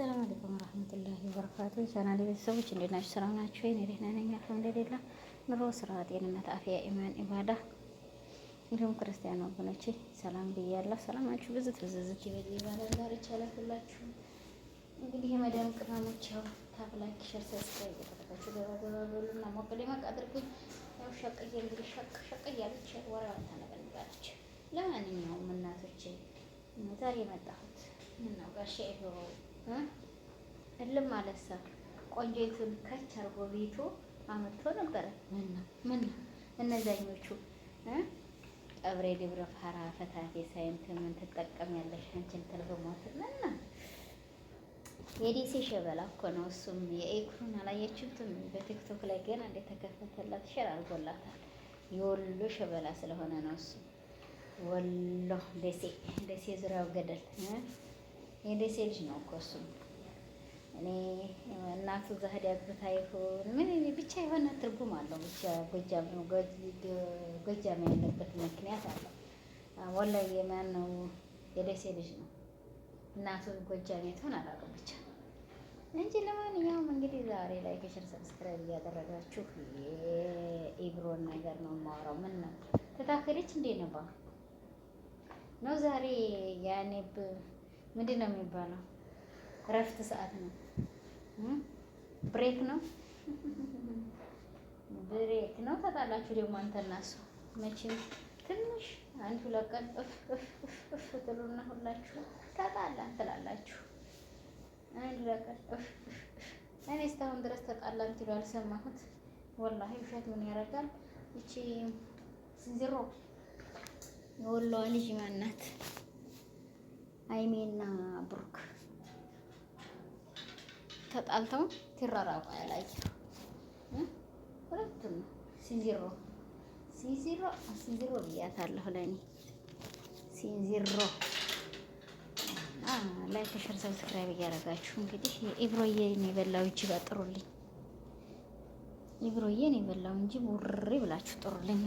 አሰላም አለይኩም ወራህመቱላሂ ወበረካቱ። ቻናሌ ቤተሰቦች እንዴት ናችሁ? ሰላም ናችሁ? እኔ ደህና ነኝ፣ አልሐምዱሊላህ። ኑሮ፣ ስራ፣ ጤንነት፣ አፍያ፣ ኢማን፣ ኢባዳ እንዲሁም ክርስቲያን ወገኖቼ ሰላም ብያለሁ። ሰላማችሁ ብዝት ብዝዝት ይበል። ይባላል ዛሬ ይቻላል ሁላችሁ እንግዲህ የመዳም ቅመሞች ያው ታብ ላይክ፣ ሼር፣ ሰብስክራይብ እያደረጋችሁ ገባ ገባ በሉና ሞቅ ደመቅ አድርጉኝ። ያው ሸቅዬ እንግዲህ ሸቅ ሸቅ እያለች ወራ ታነበልባለች። ለማንኛውም እናቶቼ ዛሬ የመጣሁት ምነው ጋሼ ይኸው እልም ማለት ሰው ቆንጆይቱን ከች አርጎ ቤቱ አመጥቶ ነበረ። ምነው እነዛኞቹ ቀብሬ ድብረ ፋራ ፈታቴ ሳይንት ምን ትጠቀም ያለሽ አንቺን ተልበሞት ምነው የዲሲ ሸበላ እኮ ነው። እሱም የኤክሩን አላየችሁትም? በቲክቶክ ላይ ገና እንደተከፈተላት ሸር አድርጎላታል። የወሎ ሸበላ ስለሆነ ነው እሱ ወሎ ደሴ ደሴ ዙሪያው ገደል የደሴ ልጅ ነው እኮ እሱም እኔ እናቱ እዛ ሄዳ አግብታ ይሁን ምን ብቻ የሆነ ትርጉም አለው። ብቻ ጎጃም ነው ያለበት ምክንያት አለው። ወላሂ የማነው የደሴ ልጅ ነው እናቱ ጎጃም የትሆን አላውቅም ብቻ እንጂ ለማንኛውም እንግዲህ ዛሬ ላይ ከሽር ሰብስክራይብ እያደረጋችሁ የኢብሮን ነገር ነው የማወራው። ምን ነው ተታከለች እንዴ ነባ ነው ዛሬ ያኔብ ምንድን ነው የሚባለው? እረፍት ሰዓት ነው፣ ብሬክ ነው፣ ብሬክ ነው። ተጣላችሁ ደግሞ አንተና እሱ መቼም ትንሽ አንድ ሁለት ቀን እፍ እፍ እፍ ትሉና ሁላችሁ ተጣላን ትላላችሁ። አንድ ሁለት ቀን እፍ እፍ እፍ እኔ እስካሁን ድረስ ተጣላን ትሉ አልሰማሁት። ወላሂ ውሸት ምን ያደርጋል? እቺ ዝንጀሮ የወላዋ ልጅ ማናት? አይሜና ብሩክ ተጣልተው ትራራቁ ያላየ ሁለቱም ሲንዚሮ ሲንዚሮ ሲንዚሮ ብያታለሁ። ለእኔ ሲንዚሮ ላይክ፣ ሸር፣ ሰብስክራይብ እያደረጋችሁ እንግዲህ ኢብሮዬን የበላው ኢብሮዬን የበላው እንጂ ብላችሁ ጥሩልኝ።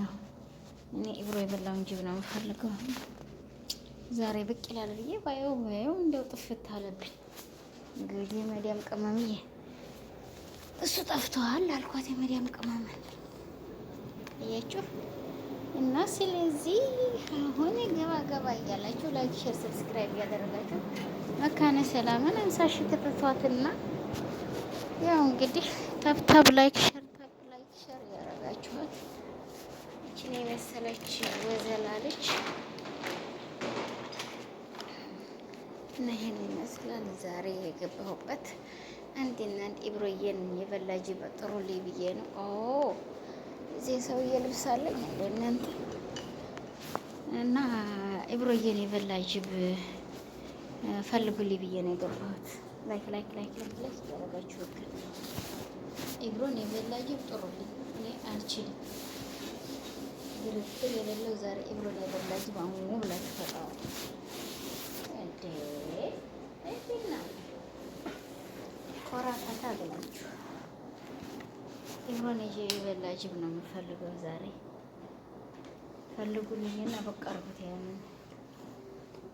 እኔ ኢብሮ የበላው እንጂ ነው የምፈልገው። ዛሬ ብቅ ይላል ብዬ ባየው ባየው እንደው ጥፍት አለብኝ። እንግዲህ የመዲያም ቅመምዬ እሱ ጠፍተዋል አልኳት። የመዲያም ቅመም እያችሁ እና ስለዚህ አሁን ገባ ገባ እያላችሁ ላይክ፣ ሼር፣ ሰብስክራይብ እያደረጋችሁ መካነ ሰላምን አንሳሽ ክትቷትና ያው እንግዲህ ታብታብ ላይክ ሼር ታብ ላይክ ሼር ያደረጋችኋት እችን የመሰለች ወዘ እና ይሄን ይመስላል ዛሬ የገባሁበት አንድና አንድ ኢብሮዬን የበላጅ በጥሩ ልይ ብዬ ነው። ኦ እዚህ ሰውዬ ልብስ አለኝ እንደ እናንተ እና ኢብሮዬን የበላጅብ ፈልጉ ልይ ብዬ ነው የገባሁት። ላይክ ላይክ ላይክ ላይክ ላይክ ያደረጋችሁ ግን ኢብሮን የበላጅብ ጥሩ ልይ እኔ አልችልም። ግርግር የሌለው ዛሬ ኢብሮን የበላጅብ አሁኑ ብላችሁ ተጣዋል። ኮራ ፈታ ብላችሁ የሆነ የበላ ጅብ ነው የምፈልገው ዛሬ። ፈልጉልኝና በቃ ያንን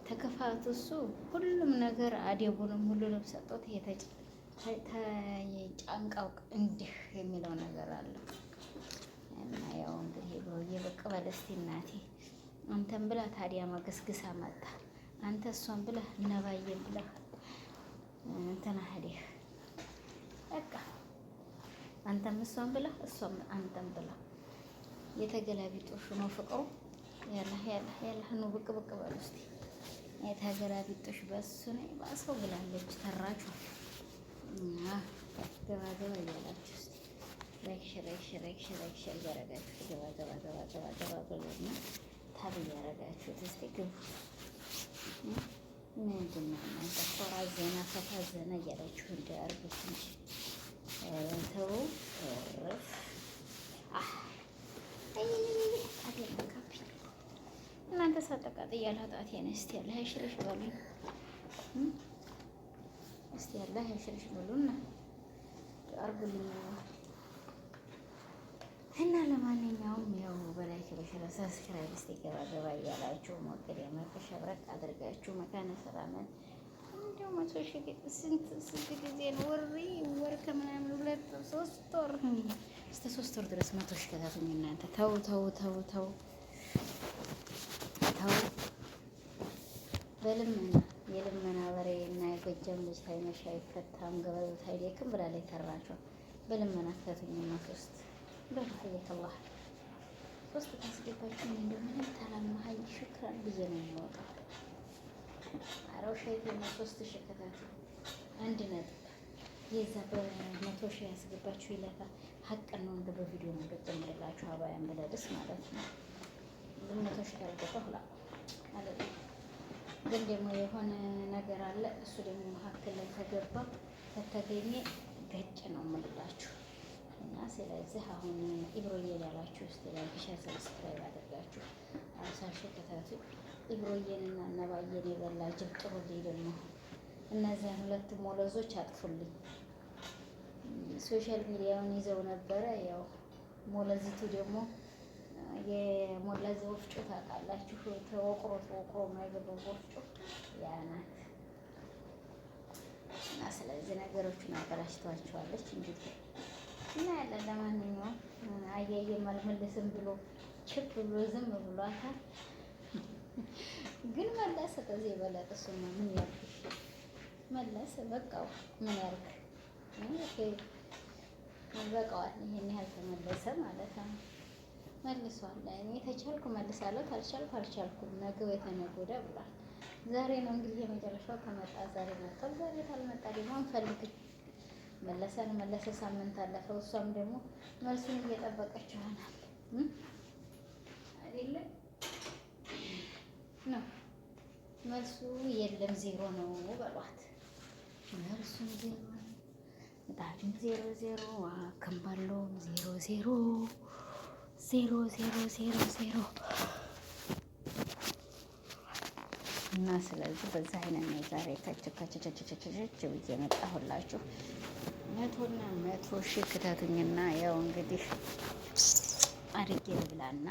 ተከፋቱ። እሱ ሁሉም ነገር አደቡንም ሁሉንም ሰጦት ጫንቃው እንዲህ የሚለው ነገር አለ እና ያው እንግዲህ የበቅ በለስቲ እናቴ አንተን ብላ ታዲያ መገስግሳ መጣ። አንተ እሷን ብለህ ነባዬን ብለህ እንትና ሄደህ በቃ አንተም እሷን ብላ እሷም አንተም ብላ የተገላቢጦሽ ነው ፍቅሩ። ያላህ ያላህ ያላህ ነው። ብቅ ብቅ በሉ እስቲ የተገላቢጦሽ በሱ ነው ባሰው ብላለች። ተራችሁ ገባ ገባ እያላችሁ እስቲ ላይክ ሼር ላይክ ሼር ላይክ ሼር ላይክ ሼር እያረጋችሁ ገባ ገባ ገባ ገባ ገባ ብሎና ታብ እያረጋችሁት እስቲ ግቡ። ምንድና ኮራ ዘና ፈታ ዘና እያላችሁ እንዳያርጉት እንጂ ተው እናንተ ሳጠቃጥ እያለ ኃጢአቴን እስቲ ያለ ሀይሽርሽ በሉ እስቲ ያለ ሀይሽርሽ በሉና አርጉልኝ። እና ለማንኛውም ያው በላይክ በሸረ ሰብስክራይብ እስቲ ገባ ገባ እያላችሁ ሞቅ ደመቅ ሸብረቅ አድርጋችሁ መካነ ሰላምን እንዲሁ መቶ ሺህ ስንት ስንት ጊዜ ነው ወሪ ወር ከምናምን ሁለት ሶስት ወር እስከ ሶስት ወር ድረስ መቶ ሺህ እናንተ ተው ተው ተው ተው ተው። በልምና የልመና በሬ እና የጎጃም ልጅ ሳይመሽ አይፈታም ገበዙት አይደክም ብላ ላይ ተራቸው በልመና ከታቱኝ ማት ውስጥ በማህየት አላህ ሶስት ታስገባችን እንደሆነ ተላማሀይ ሽክራን ብዬ ነው የማወጣው። አረው ሸይቴና ሶስት አንድ ነጥብ የዛ በመቶ ሺህ ያስገባችሁ ይለፋ ሀቅ ነው። እንደ በቪዲዮ ነው አባያን ማለት ነው። በመቶ ሺህ ያልገባ ሁላ ግን ደግሞ የሆነ ነገር አለ። እሱ ደግሞ መካከል ላይ ተገባ ከተገኘ ገጭ ነው የምልላችሁ እና ስለዚህ አሁን ኢብሮዬ ያላችሁ ስ ላይክ ሸር ሰብስክራይብ አድርጋችሁ አብሳሽን ክተቱ። ኢብሮዬንና ነባዬን የበላ ጅብ ጥሩልኝ። ደግሞ እነዚያን ሁለት ሞለዞች አጥፉልኝ። ሶሻል ሚዲያውን ይዘው ነበረ። ያው ሞለዚቱ ደግሞ የሞለዚ ወፍጮ ታውቃላችሁ፣ ተወቅሮ ተወቅሮ ማይገባ ወፍጮ ያ ናት እና ስለዚህ ነገሮቹን አበላሽተዋቸዋለች እንግዲህ እና ያለን ለማንኛውም አያየም አልመልስም ብሎ ችፕ ብሎ ዝም ብሏታል። ግን መለሰ። ከዚህ የበለጠ እሱማ ምን ያልክ መለሰ። በቃው ምን ያልክ በቃዋል። ይሄን ያህል ተመለሰ ማለት ነው። መልሷል። እኔ ተቻልኩ መልሳለሁ፣ ታልቻልኩ አልቻልኩም፣ ነገ ወይ ተነገ ወዲያ ብሏል። ዛሬ ነው እንግዲህ የመጨረሻው ከመጣ ዛሬ መጣል፣ ዛሬ ካልመጣ ደግሞ አንፈልግም። መለሰን መለሰ ሳምንት አለፈው። እሷም ደግሞ መልሱን እየጠበቀች ይሆናል አይደለ? ነው መልሱ የለም ዜሮ ነው በሏት። መልሱም ዜሮ ነው፣ ምጣድም ዜሮ ዜሮ፣ አከምባለውም ዜሮ ዜሮ ዜሮ ዜሮ ዜሮ ዜሮ እና ስለዚህ በዛ አይነት ነው ዛሬ ከች ከች ብዬ መጣሁላችሁ። መቶና መቶ ሺ ክተቱኝና ያው እንግዲህ አድርጌ ልብላና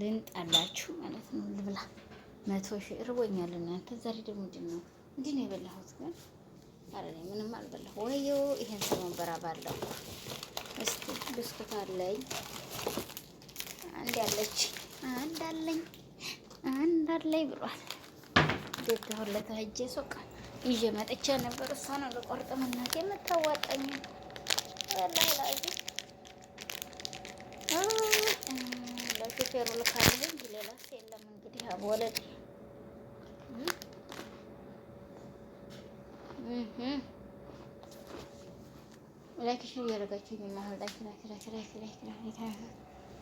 ልንጣላችሁ ማለት ነው። ልብላ መቶ ሺ እርቦኛል። እናንተ ዛሬ ደግሞ ምንድን ነው እንዲህ ነው የበላሁት? ግን ኧረ እኔ ምንም አልበላሁ። ወዮ ይሄን ሰሞን በራባለሁ። እስቲ ብስኩት አለኝ አንድ ያለች አንድ አለኝ አንድ አለኝ ብሏል። ቤት ሁለታ ሂጄ ሶቃል ይዤ መጥቼ ነበር። እሷ ነው ለቆርጥ መናት የምታዋጣኝ ወላሂ ለሹፌሩ ልካለሁ እንጂ ሌላስ የለም። እንግዲህ አቦለዴ ላይክሽን እያደረጋችሁኝ አሁን ላይክ ላይክ ላይክ ላይክ ላይክ ላይክ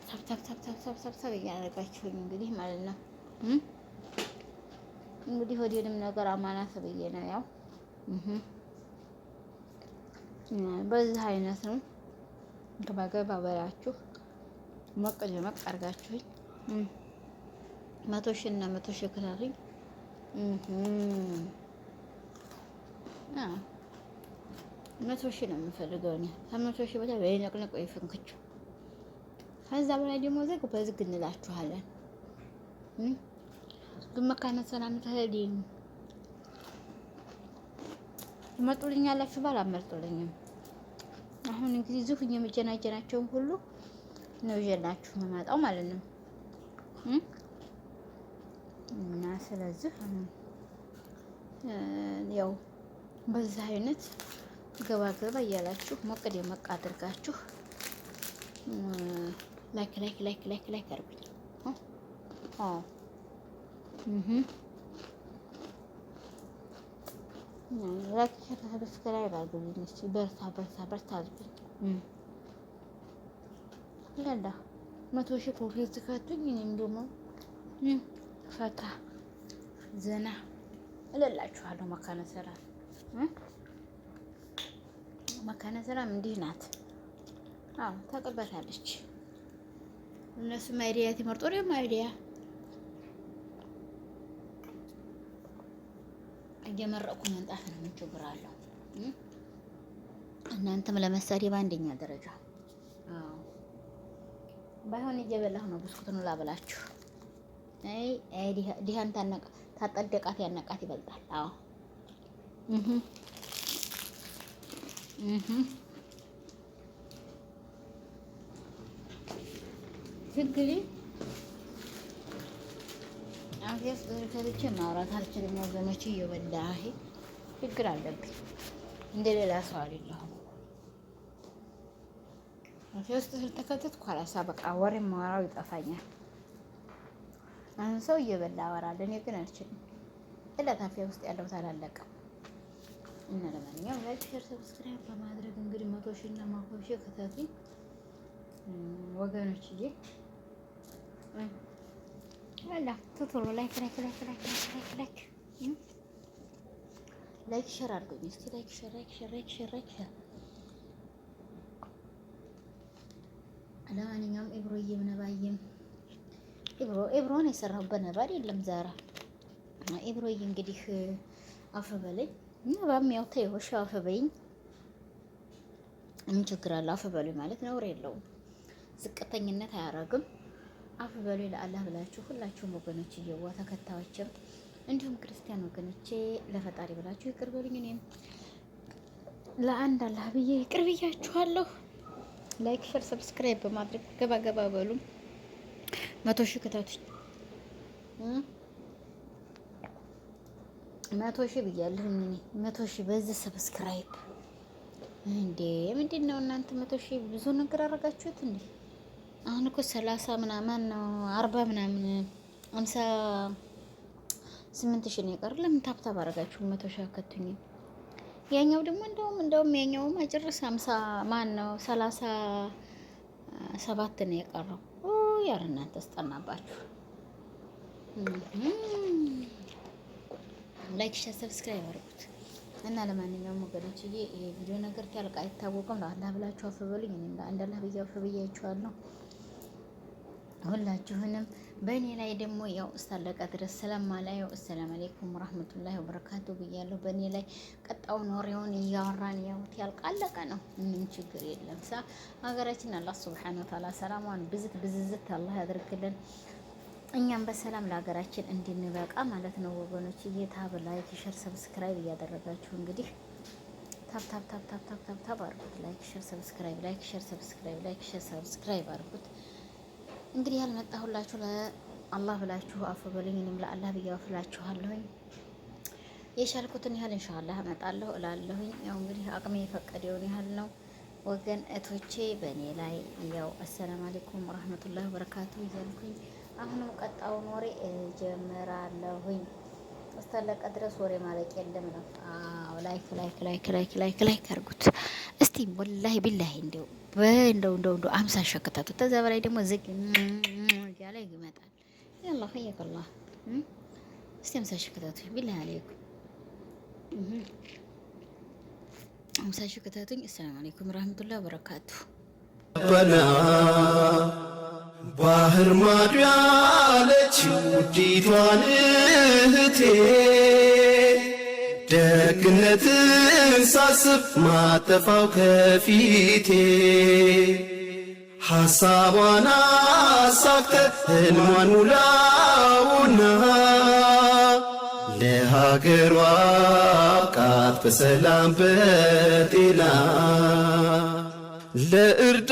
ታብ ታብ ታብ ታብ ታብ ታብ እያደረጋችሁኝ እንግዲህ ማለት ነው። እንግዲህ ወዲህንም ነገር አማና ተብዬ ነው ያው በዚህ አይነት ነው። ገባገባ በላችሁ ሞቅ ደመቅ አድርጋችሁኝ መቶ ሺህ እና መቶ ሺህ ክታቱኝ መቶ ሺህ ነው የምፈልገው እኔ ከመቶ ሺህ በላይ በይነቅነቅ ወይ ፍንክች ከዛ በላይ ደግሞ ዝግ በዝግ እንላችኋለን። መካነ ሰላም ተሄድ ትመርጡልኝ ያላችሁ ባል አመርጡልኝም። አሁን እንግዲህ ዝሁ የመጀናጀናቸውን ሁሉ ነው ይዤላችሁ የምመጣው ማለት ነው እና ስለዚህ ያው በዚህ አይነት ገባ ገባ እያላችሁ ሞቅ ደመቅ አድርጋችሁ ላይክ ላይክ ላይክ ላይክ ላይክ አድርጉኝ። ሰብስክራይብ አድርጉልኝ። እስኪ በርታ በርታ በርታ አድርጉኝ። ለላ መቶ ሺህ ኮፊት ትከቱኝ እኔም ደግሞ ፈታ ዘና እለላችኋለሁ። መካነ ሰላም መካነ ሰላም እንዲህ ናት። አዎ ታውቅበታለች። እነሱም አይዲያ ትመርጦ አይዲያ እየመረቁ መምጣት ነው። ምን ችግር አለው? እናንተም ለመሳደብ በአንደኛ ደረጃ ባይሆን እየበላሁ ነው፣ ብስኩት ነው ላበላችሁ። አይ አይ ዲሃን ታጠደቃት ያነቃት ይበልጣል። አዎ እህ አፌስ ከልቼ ማውራት አልችልም። ወገኖቼ እየበላ ችግር አለብኝ። እንደ ሌላ ሰው አይደለሁም። አፌ ውስጥ ስለተከተትኩ አላሳ በቃ ወሬ ማወራው ይጠፋኛል። አሁን ሰው እየበላ አወራለሁ፣ እኔ ግን አልችልም። እለት አፌ ውስጥ ያለው አላለቀም እና ለማንኛውም ላይክ፣ ሼር፣ ሰብስክራይብ በማድረግ እንግዲህ መቶ ሺህ እና ማኮሽ ከተቱኝ ወገኖችዬ ላላ ቶቶሎ ላይክ ላይክ ላይክ ላይክ ላይክ ላይክ ላይክ ሼር አድርጎኝ እስቲ ላይክ ሼር ላይክ ሼር ላይክ ሼር ላይክ ሼር። ለማንኛውም ኢብሮዬም ነባዬም ኢብሮ ኢብሮን የሰራሁበት ነባር የለም ዛራ ኢብሮዬ እንግዲህ አፍ ነባም ያው ተይወሽ አፍ ምን ችግር አለ? አፍ ማለት ነውር የለውም። ዝቅተኝነት አያረግም። አፉ በሉ ለአላህ ብላችሁ ሁላችሁም ወገኖች እየዋ ተከታዮችም እንዲሁም ክርስቲያን ወገኖቼ ለፈጣሪ ብላችሁ ይቅር በሉኝ። እኔም ለአንድ አላህ ብዬ ይቅር ብያችኋለሁ። ላይክ፣ ሸር፣ ሰብስክራይብ በማድረግ ገባ ገባ በሉ መቶ ሺህ ክተቱኝ። መቶ ሺህ ብያለሁኝ እኔ መቶ ሺህ በዚህ ሰብስክራይብ እንዴ ምንድን ነው እናንተ መቶ ሺህ ብዙ ነገር አደረጋችሁት እንዴ? አሁን እኮ ሰላሳ ምናምን ነው አርባ ምናምን አምሳ ስምንት ሺህ ነው የቀረው። ለምን ታብታብ አረጋችሁ? መቶ ሺህ አከቱኝ። ያኛው ደግሞ እንደውም እንደውም ያኛው አጭርስ አምሳ ማን ነው ሰላሳ ሰባት ነው የቀረው። ያረ እናንተ ስጠናባችሁ። ላይክ ሸር፣ ሰብስክራይብ አድርጉት እና ለማንኛውም ወገኖች ይሄ ቪዲዮ ነገር ታልቃ አይታወቅም። ለአላህ ብላችሁ አፈበሉኝ። እኔ ብዬ አፈብያችኋለሁ። ሁላችሁንም በእኔ ላይ ደግሞ ያው እስታለቀ ድረስ ያው አሰላም አለይኩም ወራህመቱላሂ ወበረካቱ ብያለሁ። በእኔ ላይ ቀጣው ኖሬውን እያወራን ያውት ያልቃለቀ ነው፣ ምንም ችግር የለም። ሳ ሀገራችን አላህ ስብሓን ወተዓላ ሰላሟን ብዝት ብዝዝት አላህ ያድርግልን። እኛም በሰላም ለሀገራችን እንድንበቃ ማለት ነው ወገኖች። እየታብ ላይክ፣ ሸር፣ ሰብስክራይብ እያደረጋችሁ እንግዲህ ታብ አርጉት። ላይክ ሸር ሰብስክራይብ፣ ላይክ ሸር ሰብስክራይብ፣ ላይክ ሸር ሰብስክራይብ አርጉት። እንግዲህ ያልመጣሁላችሁ ለአላህ ብላችሁ አፉ በሉኝ። እኔም ለአላህ ብዬ አፍላችኋለሁኝ። የሻልኩትን ያህል እንሻላ እመጣለሁ እላለሁኝ። ያው እንግዲህ አቅሜ የፈቀደውን ያህል ነው ወገን እቶቼ በእኔ ላይ ያው አሰላም አለይኩም ወራህመቱላሂ በረካቱ እያልኩኝ አሁንም ቀጣውን ወሬ ጀምራለሁኝ። እስታለቀ ድረስ ወሬ ማለቅ የለም ነው። አዎ ላይክ ላይክ ላይክ ላይክ ላይክ ላይክ አርጉት እስቲ ወላሂ ቢላሂ እንደው በእንደው እንደው እንደው አምሳ ሸከታቱ ተዛ በላይ ደግሞ ዝግ ያለ ይመጣል። ያላ ሀየከላ እስቲ አምሳ ሸከታቱ ቢላሂ አለይኩም አምሳ ሸክታቱኝ። አሰላሙ አለይኩም ረህመቱላሂ ወበረካቱ ባህር ማዶ ያጣችው ውዲቷን እህቴ ደግነትን ሳስብ ማጠፋው ከፊቴ ሐሳቧን አሳክተ ህልሟን ሙላውና ለሀገሯ አብቃት በሰላም በጤና ለእርዳ